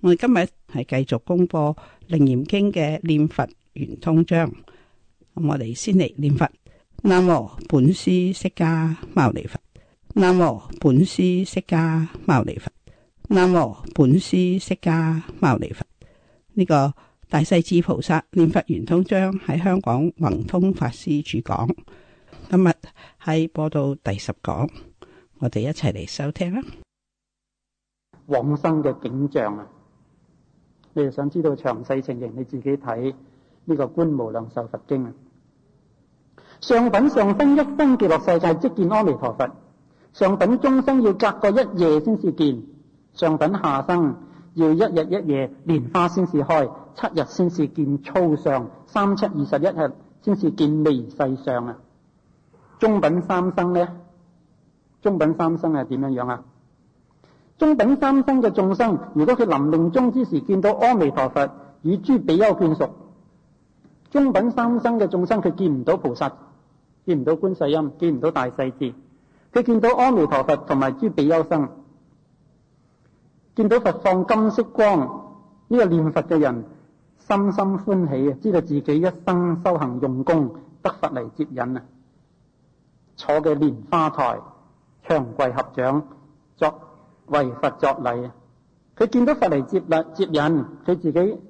我哋今日係繼續公布《楞嚴經》嘅念佛圓通章，咁我哋先嚟念佛。南無本師釋迦牟尼佛。南無本師釋迦牟尼佛。南無本師釋迦牟尼佛。呢、這個大勢至菩薩念佛圓通章喺香港宏通法師主講，今日喺播到第十講，我哋一齊嚟收聽啦。往生嘅景象啊！你又想知道詳細情形，你自己睇呢個《觀無量壽佛經》啊。上品上生一生極樂世界即見阿彌陀佛；上品中生要隔個一夜先至見；上品下生要一日一夜，蓮花先至開，七日先至見粗相，三七二十一日先至見微細相啊。中品三生咧，中品三生係點樣樣啊？中品三生嘅眾生，如果佢臨命終之時見到阿彌陀佛與諸比丘眷屬，中品三生嘅眾生佢見唔到菩薩，見唔到觀世音，見唔到大勢至。佢見到阿彌陀佛同埋諸比丘生，見到佛放金色光，呢、這個念佛嘅人深深歡喜啊！知道自己一生修行用功得佛嚟接引啊！坐嘅蓮花台，長跪合掌作。為佛作禮，佢見到佛嚟，接啦接引，佢自己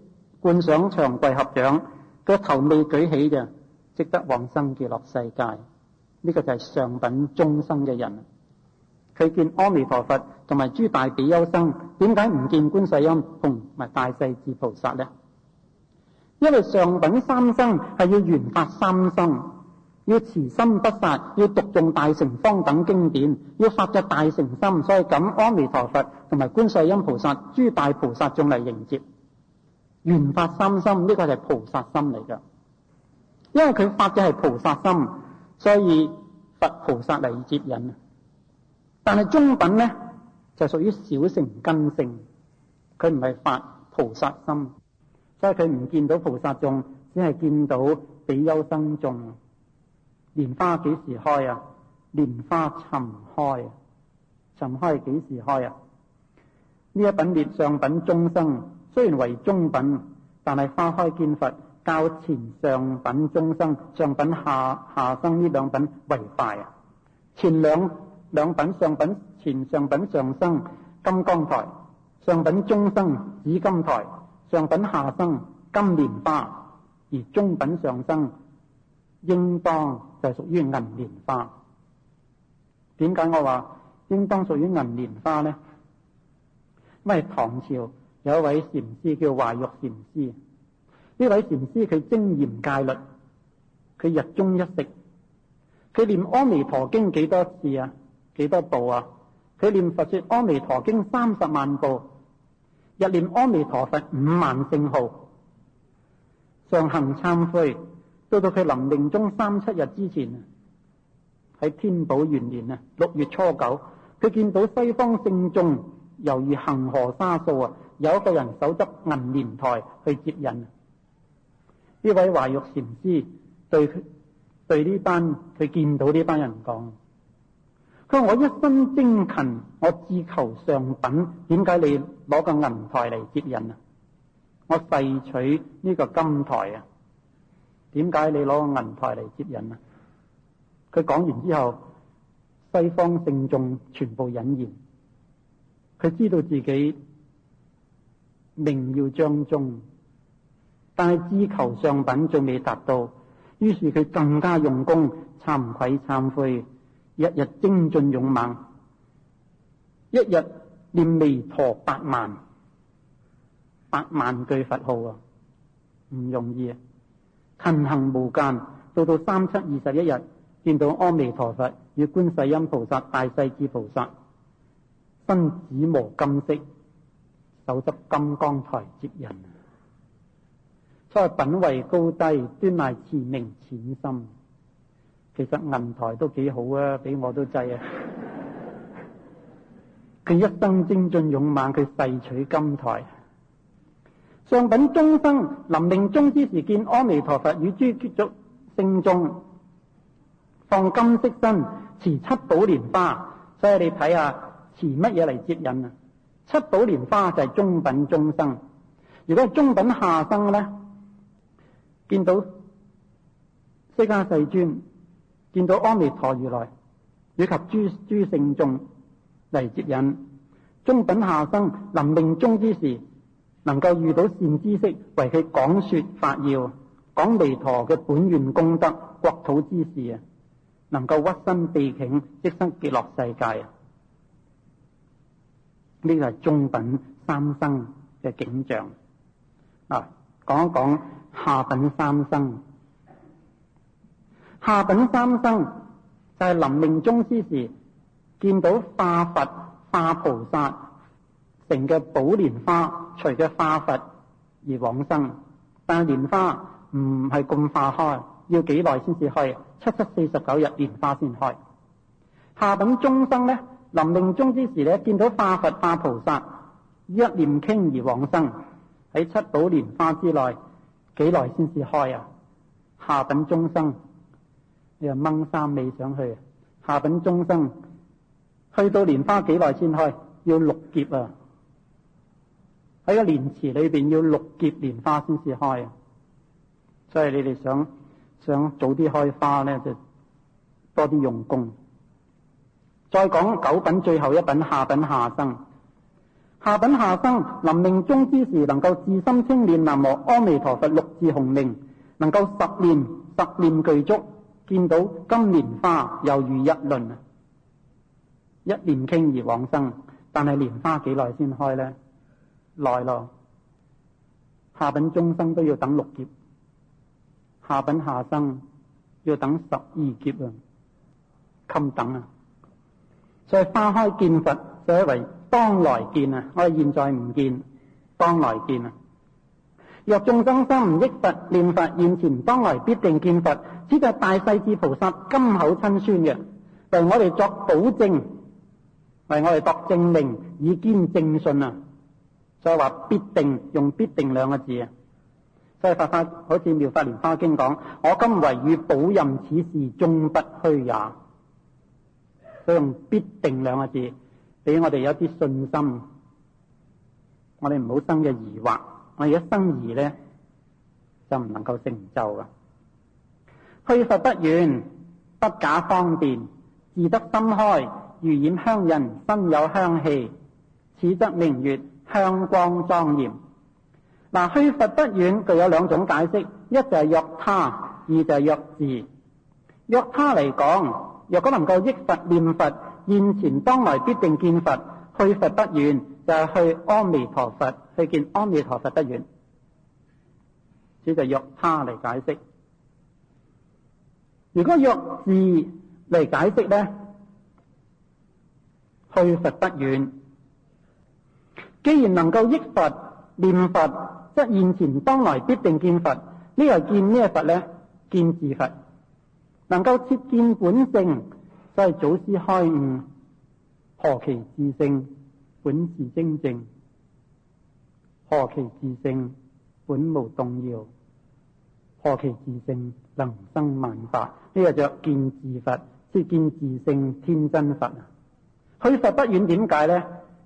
冠上長跪合掌，個頭未舉起嘅，即得往生極樂世界。呢個就係上品中生嘅人。佢見阿彌陀佛同埋諸大比丘生，點解唔見觀世音同埋大勢至菩薩呢？因為上品三生係要圓發三生。要慈心不殺，要讀誦大乘方等經典，要發着大乘心，所以咁阿彌陀佛同埋觀世音菩薩、諸大菩薩眾嚟迎接，圓發三心，呢、這個係菩薩心嚟噶。因為佢發嘅係菩薩心，所以佛菩薩嚟接引。但係中品咧就屬於小乘根性，佢唔係發菩薩心，所以佢唔見到菩薩眾，只係見到比丘僧眾。蓮花幾時開啊？蓮花沉開、啊，沉開幾時開啊？呢一品列上品中生，雖然為中品，但係花開見佛，較前上品中生、上品下下生呢兩品為快啊。前兩兩品上品前上品上生金剛台，上品中生紫金台，上品下生金蓮花，而中品上生應當，就屬於銀蓮花。點解我話應當屬於銀蓮花呢？因為唐朝有一位禪師叫懷玉禪師，呢位禪師佢精嚴戒律，佢日中一食，佢念《阿彌陀經》幾多次啊？幾多部啊？佢念《佛說阿彌陀經》三十萬部，日念《阿彌陀佛》五萬聖號，上行參悔。到到佢臨命終三七日之前，喺天寶元年啊六月初九，佢見到西方聖眾猶如恒河沙數啊，有一個人手執銀蓮台去接人。呢位懷玉禪師對佢對呢班佢見到呢班人講：佢話我一生精勤，我自求上品，點解你攞個銀台嚟接人啊？我誓取呢個金台啊！點解你攞個銀台嚟接引啊？佢講完之後，西方聖眾全部隱然。佢知道自己命要將終，但係志求上品仲未達到，於是佢更加用功，慚愧懺悔，日日精進勇猛，一日念彌陀百萬百萬句佛號啊！唔容易啊！勤行無間，到到三七二十一日，見到阿彌陀佛與觀世音菩薩、大勢至菩薩，身紫磨金色，手執金剛台接人。所謂品位高低，端賴慈名淺心。其實銀台都幾好啊，俾我都制啊！佢一生精進勇猛，佢誓取金台。上品中生臨中生臨命終之時見，見阿彌陀佛與諸眷屬聖眾，放金色身，持七寶蓮花。所以你睇下持乜嘢嚟接引啊？七寶蓮花就係中品中生。如果係中品下生咧，見到釋迦世尊，見到阿彌陀如來，以及諸諸聖眾嚟接引。中品下生臨命終之時。能夠遇到善知識，為佢講說法要，講彌陀嘅本願功德、國土之事啊！能夠屈身地頃，即生極樂世界啊！呢個係中品三生嘅景象啊！講一講下品三生，下品三生就係臨命終之時，見到化佛、化菩薩成嘅寶蓮花。除咗化佛而往生，但係蓮花唔係咁化開，要幾耐先至開？七七四十九日蓮花先開。下等眾生咧，臨命終之時咧，見到化佛化菩薩，一念傾而往生喺七寶蓮花之內，幾耐先至開啊？下等眾生，你又掹衫尾上去。下等眾生去到蓮花幾耐先開？要六劫啊！喺個蓮池裏邊要六劫蓮花先至開，所以你哋想想早啲開花咧，就多啲用功。再講九品最後一品下品下生，下品下生臨命終之時，能夠至心稱念南無阿彌陀佛六字洪名，能夠十念十念具足，見到金蓮花猶如日輪一念頃而往生，但係蓮花幾耐先開呢？來咯，下品中生都要等六劫，下品下生要等十二劫啊，堪等啊！所以花開見佛，所謂當來見啊，我哋現在唔見，當來見啊！若眾生心唔憶佛念佛，現前當來必定見佛，此就係大勢至菩薩金口親宣嘅，為我哋作保證，為我哋度證明，以堅正信啊！所以話必定用必定兩個字，所以佛法好似妙法蓮花經講：我今為與保任此事，終不虛也。所以用必定兩個字，俾我哋有啲信心。我哋唔好生嘅疑惑，我哋一生疑咧，就唔能夠成就噶。去佛不遠，不假方便，自得心開，如染香人，身有香氣，此則明月。香光莊嚴，嗱，去佛不遠，就有兩種解釋，一就係約他，二就係約自。約他嚟講，若果能夠憶佛念佛，現前當來必定見佛，去佛不遠，就係去阿彌陀佛，去見阿彌陀佛不遠。呢就約他嚟解釋。如果約自嚟解釋咧，去佛不遠。既然能夠憶佛念佛，即現前當來必定見佛。呢個係見咩佛呢？見自佛。能夠切見本性，就係祖師開悟。何其自性，本自清淨。何其自性，本無動搖。何其自性，能生萬法。呢個就見自佛，切見自性天真佛。去佛不遠，點解呢？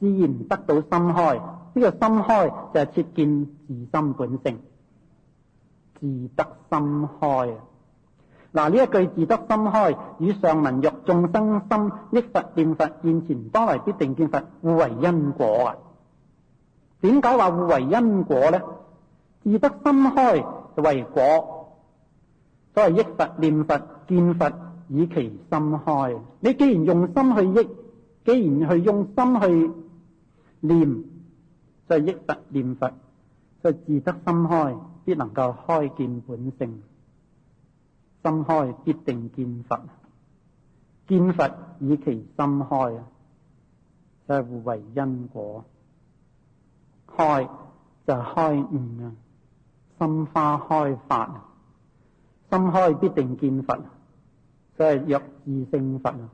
自然得到心開，呢、這個心開就係徹見自心本性，自得心開。嗱呢一句自得心開，與上文若眾生心憶佛念佛，現前當來必定見佛，互為因果啊！點解話互為因果呢？「自得心開為果，所謂憶佛念佛見佛，以其心開。你既然用心去憶，既然去用心去。念即係、就是、益得念佛，即就是、自得心開，必能夠開見本性。心開必定見佛，見佛以其心開，就互、是、為因果。開就是、開悟啊，心花開發，心開必定見佛，所係若智聖佛。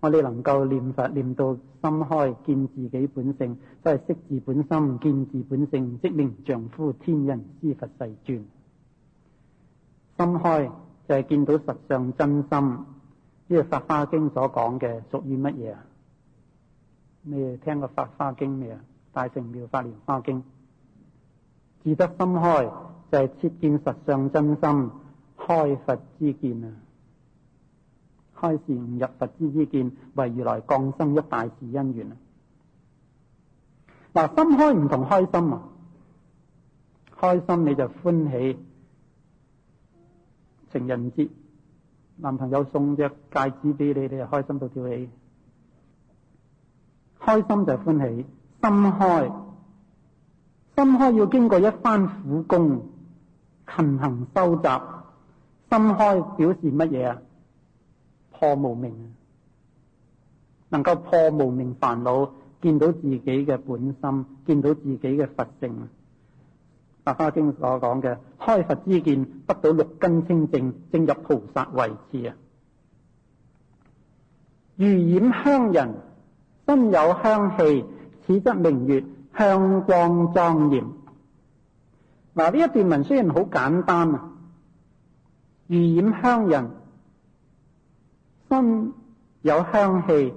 我哋能夠念佛念到心開見自己本性，即係識自本心見自本性，即令丈夫天人知，佛世尊。心開就係見到實相真心，呢個《法華經》所講嘅屬於乜嘢啊？你哋聽聽過《法華經》未啊？《大乘妙法蓮華經》，自得心開就係切見實相真心，開佛之見啊！開示悟入佛之之見，為如來降生一大事因緣啊。嗱，心開唔同開心啊！開心你就歡喜，情人節男朋友送隻戒指俾你，你就開心到跳起。開心就歡喜，心開心開要經過一番苦功勤行修習。心開表示乜嘢啊？破無明啊，能夠破無明煩惱，見到自己嘅本心，見到自己嘅佛性。啊！《法華經》所講嘅開佛之見，得到六根清淨，正入菩薩位置啊！如染香人，身有香氣，此則明月香光莊嚴。嗱，呢一段文雖然好簡單啊，如染香人。心有香氣，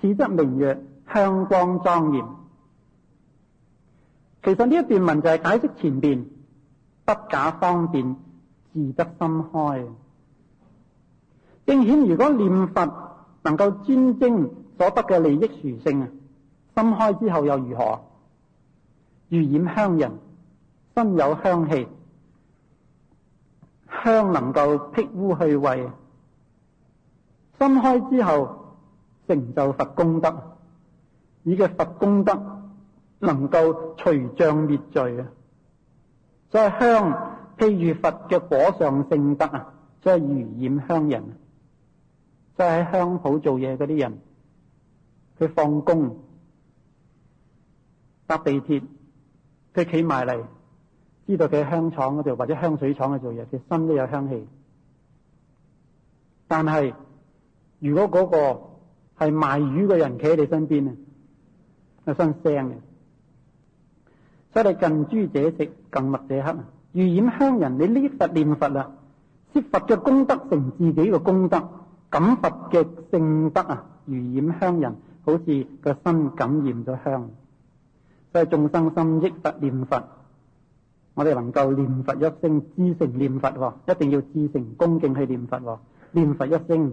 此則名曰香光莊嚴。其實呢一段文就係解釋前邊不假方便，自得心開。正顯如果念佛能夠專精所得嘅利益殊勝啊，心開之後又如何？如染香人，心有香氣，香能夠辟污去穢分開之後成就佛功德，以嘅佛功德能夠除障滅罪啊！所以香譬如佛嘅果上性德啊，即係如染香人，即係喺香舖做嘢嗰啲人，佢放工搭地鐵，佢企埋嚟，知道佢喺香廠嗰度或者香水廠去做嘢，佢身都有香氣，但係。如果嗰個係賣魚嘅人企喺你身邊啊，身腥嘅，所以你近朱者赤，近墨者黑啊！如染香人，你呢佛念佛啦，攝佛嘅功德成自己嘅功德，感佛嘅性德啊！如染香人，好似個心感染咗香，所以眾生心憶佛念佛，我哋能夠念佛一聲，至誠念佛喎，一定要至誠恭敬去念佛喎，念佛一聲。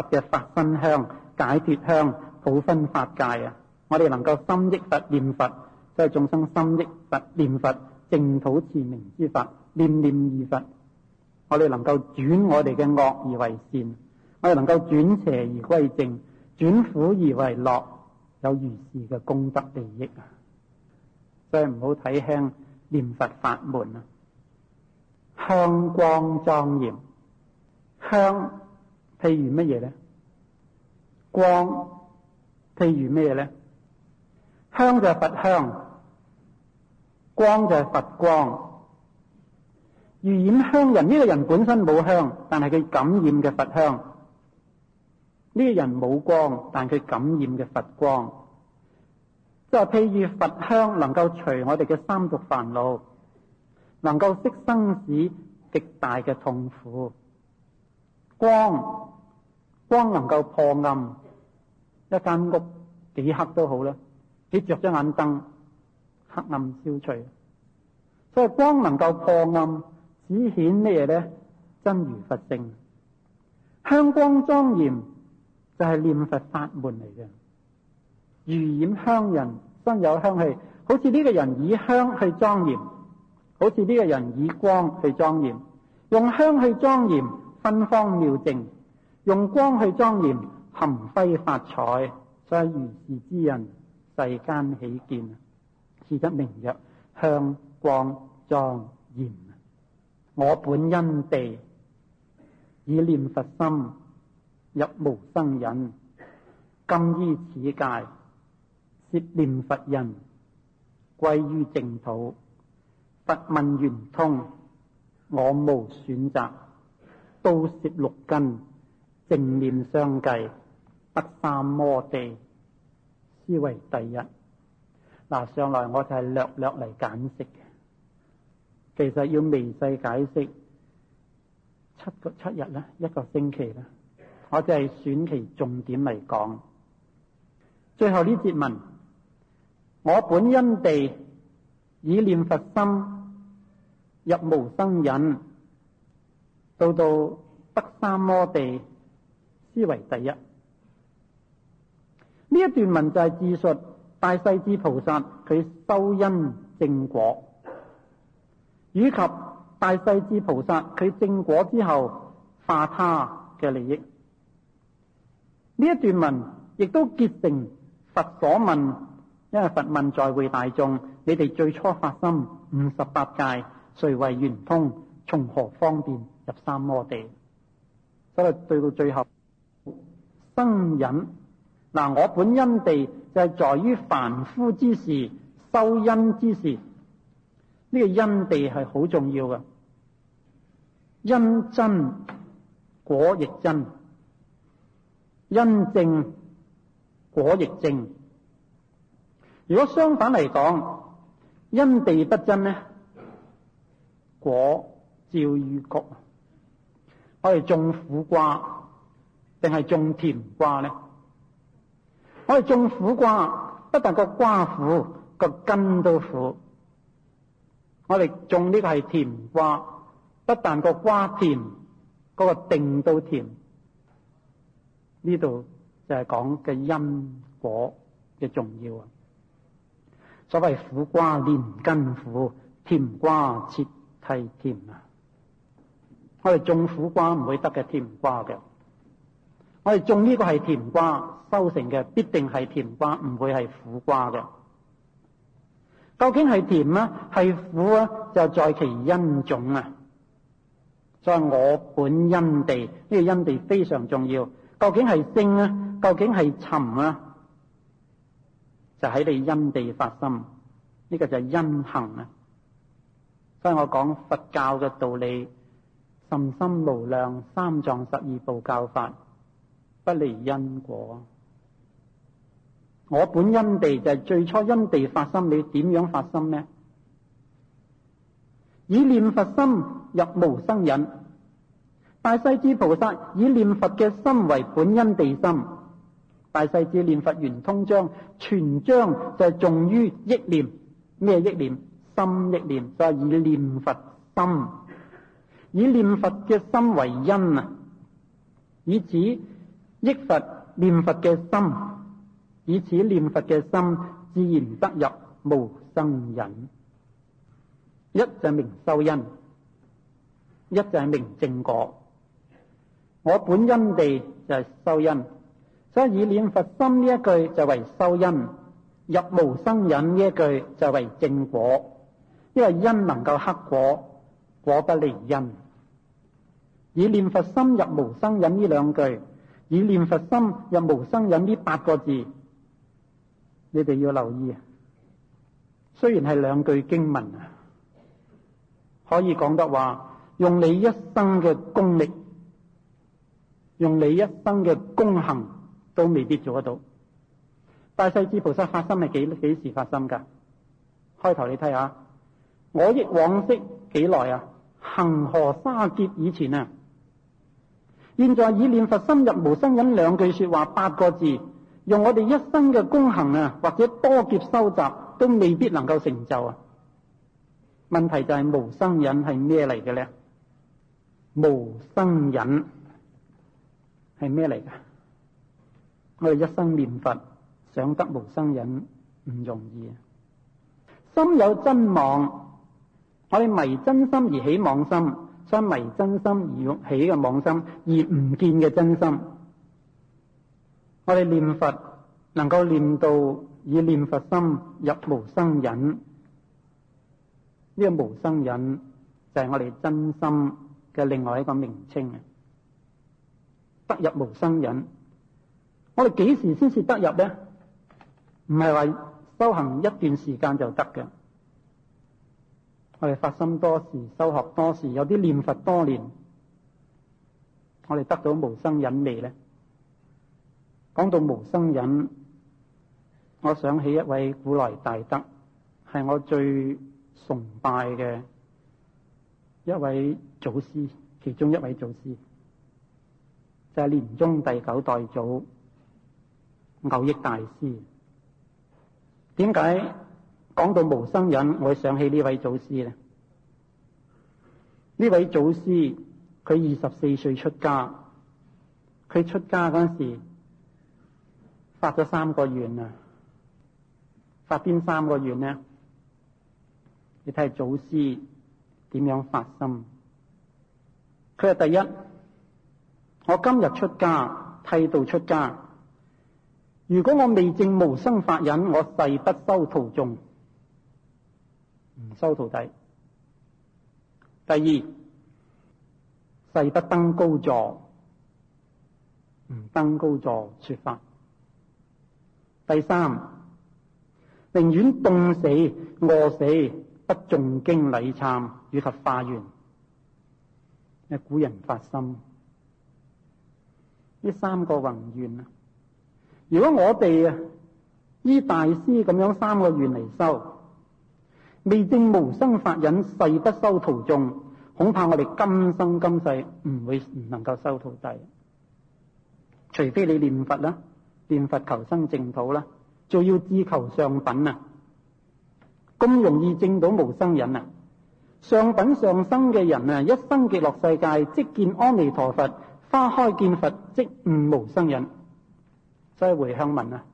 佛嘅法身香、解脱香、普分法界啊！我哋能夠心憶佛念佛，即係眾生心憶佛念佛，淨土持名之法，念念而佛。我哋能夠轉我哋嘅惡而為善，我哋能夠轉邪而歸正，轉苦而為樂，有如是嘅功德利益啊！所以唔好睇輕念佛法門啊！香光莊嚴，香。譬如乜嘢咧？光譬如咩嘢咧？香就係佛香，光就係佛光。如染香人，呢個人本身冇香，但係佢感染嘅佛香；呢個人冇光，但佢感染嘅佛光。即係譬如佛香能夠除我哋嘅三毒煩惱，能夠息生死極大嘅痛苦。光光能夠破暗，一間屋幾黑都好啦。你着咗眼燈，黑暗消除。所以光能夠破暗，只顯咩咧？真如佛性香光莊嚴，就係、是、念佛法門嚟嘅。如染香人，身有香氣，好似呢個人以香去莊嚴，好似呢個人以光去莊嚴，用香去莊嚴。芬芳妙淨，用光去莊嚴，含輝發彩，所以如是之人，世間喜見，此則名曰香光莊嚴。我本因地以念佛心入無生忍，今於此界攝念佛人歸於淨土，佛問圓通，我無選擇。都攝六根，正念相繼，得三摩地，思為第一。嗱，上來我就係略略嚟解釋嘅，其實要微細解釋七個七日咧，一個星期咧，我就係選其重點嚟講。最後呢節文，我本因地以念佛心入無生忍。到到得三摩地斯為第一，呢一段文就係自述大勢至菩薩佢修因正果，以及大勢至菩薩佢正果之後化他嘅利益。呢一段文亦都結成佛所問，因為佛問在會大眾：你哋最初發心五十八界，誰為圓通？從何方便？十三摩地，所以對到最後生忍嗱，我本因地就係在於凡夫之事、修因之事。呢個因地係好重要㗎。因真果亦真，因正果亦正。如果相反嚟講，因地不真呢？果照迂曲。我哋種苦瓜定係種甜瓜咧？我哋種苦瓜，不但個瓜苦，個根都苦；我哋種呢個係甜瓜，不但個瓜甜，個、嗰個定都甜。呢度就係講嘅因果嘅重要啊！所謂苦瓜連根苦，甜瓜徹蒂甜啊！我哋種苦瓜唔會得嘅甜瓜嘅，我哋種呢個係甜瓜，收成嘅必定係甜瓜，唔會係苦瓜嘅。究竟係甜啊，係苦啊？就在其因種啊。所以，我本因地呢個因地非常重要。究竟係升啊？究竟係沉啊？就喺你因地發心呢個就係因行啊。所以我講佛教嘅道理。甚深無量三藏十二部教法不離因果。我本因地就係最初因地發心，你點樣發心呢？以念佛心入無生忍。大勢至菩薩以念佛嘅心為本因地心。大勢至念佛圓通章全章就係重於憶念，咩憶念？心憶念就係以念佛心。以念佛嘅心為因啊，以此憶佛念佛嘅心，以此念佛嘅心自然得入無生忍。一就係名修因，一就係名正果。我本因地就係修因，所以以念佛心呢一句就為修因，入無生忍呢一句就為正果，因為因能夠克果。果不離因，以念佛心入無生忍呢兩句，以念佛心入無生忍呢八個字，你哋要留意。雖然係兩句經文啊，可以講得話，用你一生嘅功力，用你一生嘅功行，都未必做得到。大勢至菩薩發心係幾幾時發心噶？開頭你睇下，我憶往昔幾耐啊？恒河沙劫以前啊，現在以念佛深入無生忍兩句說話八個字，用我哋一生嘅功行啊，或者多劫收集都未必能夠成就啊。問題就係無生忍係咩嚟嘅咧？無生忍係咩嚟嘅？我哋一生念佛想得無生忍唔容易啊，心有真妄。我哋迷真心而起妄心，所以迷真心而起嘅妄心而唔見嘅真心。我哋念佛能夠念到以念佛心入無生忍，呢個無生忍就係我哋真心嘅另外一個名稱嘅。得入無生忍，我哋幾時先至得入呢？唔係話修行一段時間就得嘅。我哋發心多時，修學多時，有啲念佛多年，我哋得到無生忍未咧？講到無生忍，我想起一位古來大德，係我最崇拜嘅一位祖師，其中一位祖師就係蓮宗第九代祖蕅益大師。點解？講到無生忍，我會想起呢位祖師咧。呢位祖師佢二十四歲出家，佢出家嗰陣時候發咗三個願啊！發邊三個願呢？你睇下祖師點樣發心？佢話：第一，我今日出家剃度出家，如果我未證無生法忍，我誓不收徒眾。收徒弟，第二誓不登高座，唔、嗯、登高座說法。第三寧願凍死餓死，不重經禮懺與佛化緣。係古人發心，呢三個宏願啊！如果我哋啊依大師咁樣三個願嚟收。」未證無生法忍，誓不收徒眾。恐怕我哋今生今世唔會唔能夠收徒弟，除非你念佛啦，念佛求生淨土啦，就要志求上品啊！咁容易證到無生忍啊！上品上生嘅人啊，一生極樂世界即見阿彌陀佛，花開見佛即悟無，無生忍。所以回向文啊，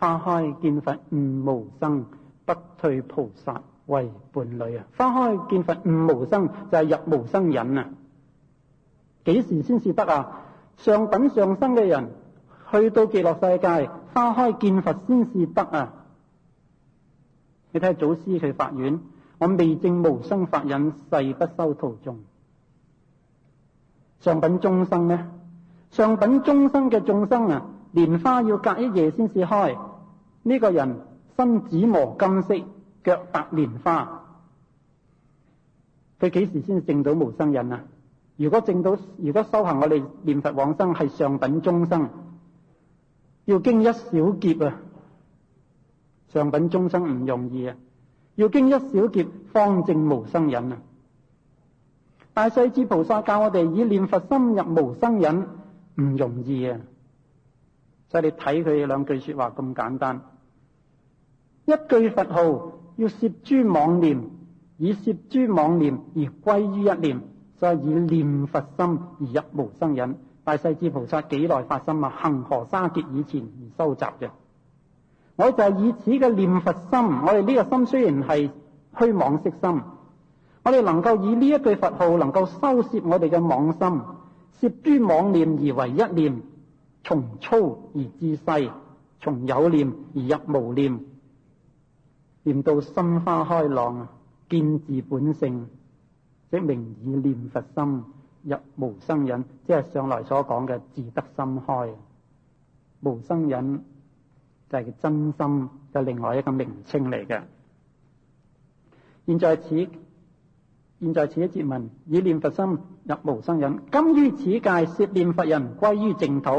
花開見佛悟無，無生，不退菩薩，為伴侶啊！花開見佛悟無生，就係、是、入無生忍啊！幾時先至得啊？上品上生嘅人，去到極樂世界，花開見佛先至得啊！你睇祖師佢發願，我未證無生法忍，誓不收徒眾。上品中生呢，上品中生嘅眾生啊，蓮花要隔一夜先至開。呢、這個人身紫磨金色。腳踏蓮花，佢幾時先正到無生忍啊？如果正到，如果修行我哋念佛往生係上品中生，要經一小劫啊！上品中生唔容易啊，要經一小劫方正無生忍啊！大勢至菩薩教我哋以念佛心入無生忍，唔容易啊！所以你睇佢兩句說話咁簡單，一句佛號。要攝諸妄念，以攝諸妄念而歸於一念，所、就係、以念佛心而入無生忍。大勢至菩薩幾耐發心啊？恒河沙劫以前而收集嘅，我就係以此嘅念佛心。我哋呢個心雖然係虛妄識心，我哋能夠以呢一句佛號，能夠收攝我哋嘅妄心，攝諸妄念而為一念，從粗而至細，從有念而入無念。念到心花開朗，見自本性，即是名以念佛心，入無生忍，即係上嚟所講嘅自得心開。無生忍，就係真心，就另外一個名稱嚟嘅。現在此，現在此一節文，以念佛心，入無生忍。今於此界，攝念佛人，歸於淨土，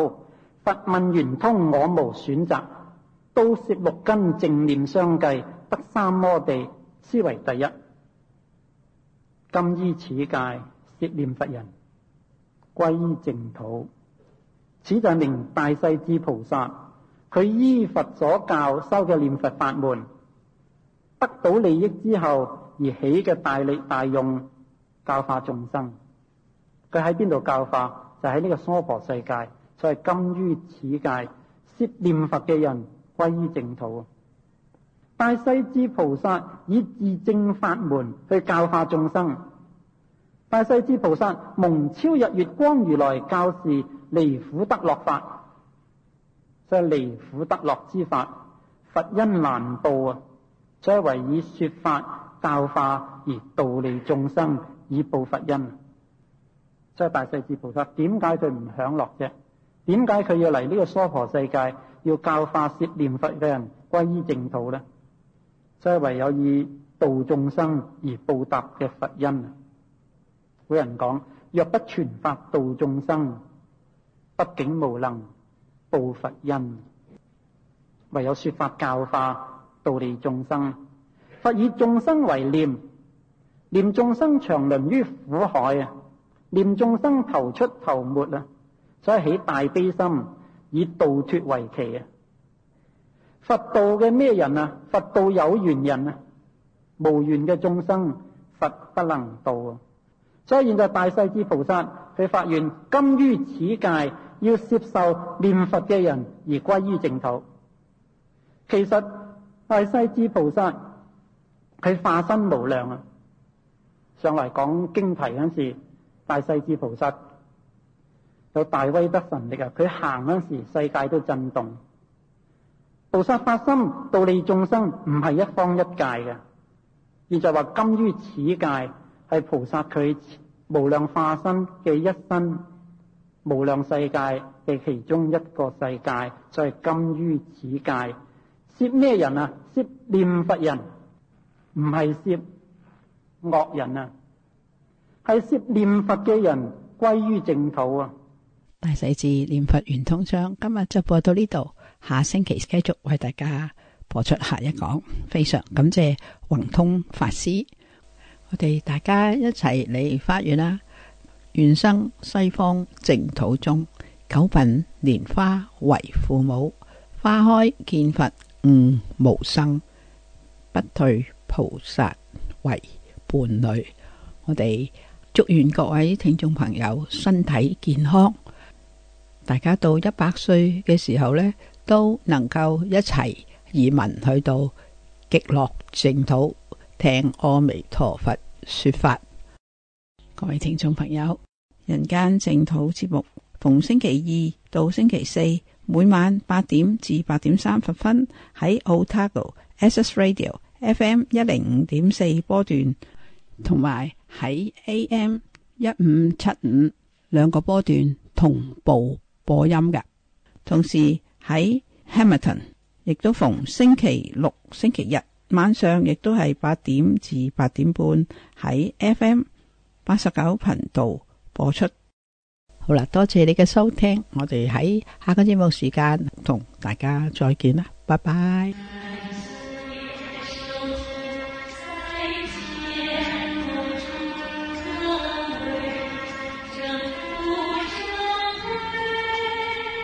佛問圓通，我無選擇。都攝六根淨念相繼，得三摩地，斯為第一。今於此界攝念佛人歸於淨土，此就名大勢至菩薩。佢依佛所教修嘅念佛法門，得到利益之後而起嘅大力大用，教化眾生。佢喺邊度教化？就喺呢個娑婆世界。所謂今於此界攝念佛嘅人。歸於淨土啊！大勢至菩薩以自正法門去教化眾生。大勢至菩薩蒙超日月光如來教示離苦得樂法，就係離苦得樂之法。佛恩難報啊，所以為以說法教化而道利眾生以報佛恩。就係大勢至菩薩，點解佢唔享樂啫？點解佢要嚟呢個娑婆世界？要教化涉念佛嘅人歸依淨土啦，所以唯有以度眾生而報答嘅佛恩啊！古人講：若不傳法度眾生，畢竟無能報佛恩。唯有說法教化，度利眾生。佛以眾生為念，念眾生長淪於苦海啊！念眾生頭出頭沒啊！所以起大悲心。以度脫為期啊！佛道嘅咩人啊？佛道有緣人啊，無緣嘅眾生佛不能度。啊！所以現在大勢至菩薩佢發願，今於此界要攝受念佛嘅人而歸於淨土。其實大勢至菩薩佢化身無量啊！上嚟講經題嗰陣時候，大勢至菩薩。有大威德神力啊！佢行嗰時，世界都震動。菩薩化身道利眾生，唔係一方一界嘅。現在話今於此界，係菩薩佢無量化身嘅一身，無量世界嘅其中一個世界，就係今於此界。攝咩人啊？攝念佛人，唔係攝惡人啊，係攝念佛嘅人歸於淨土啊！大勢至念佛圓通章，今日就播到呢度，下星期繼續為大家播出下一講。非常感謝宏通法師，我哋大家一齊嚟發願啦！願生西方淨土中，九品蓮花為父母，花開見佛悟無生，不退菩薩為伴侶。我哋祝願各位聽眾朋友身體健康。大家到一百歲嘅時候呢，都能夠一齊移民，去到極樂淨土，聽阿彌陀佛說法。各位聽眾朋友，人間淨土節目逢星期二到星期四每晚八點至八點三十分喺 Otago SS Radio FM 一零五點四波段，同埋喺 AM 一五七五兩個波段同步。播音嘅，同時喺 Hamilton 亦都逢星期六、星期日晚上，亦都係八點至八點半喺 FM 八十九頻道播出。好啦，多謝你嘅收聽，我哋喺下個節目時間同大家再見啦，拜拜。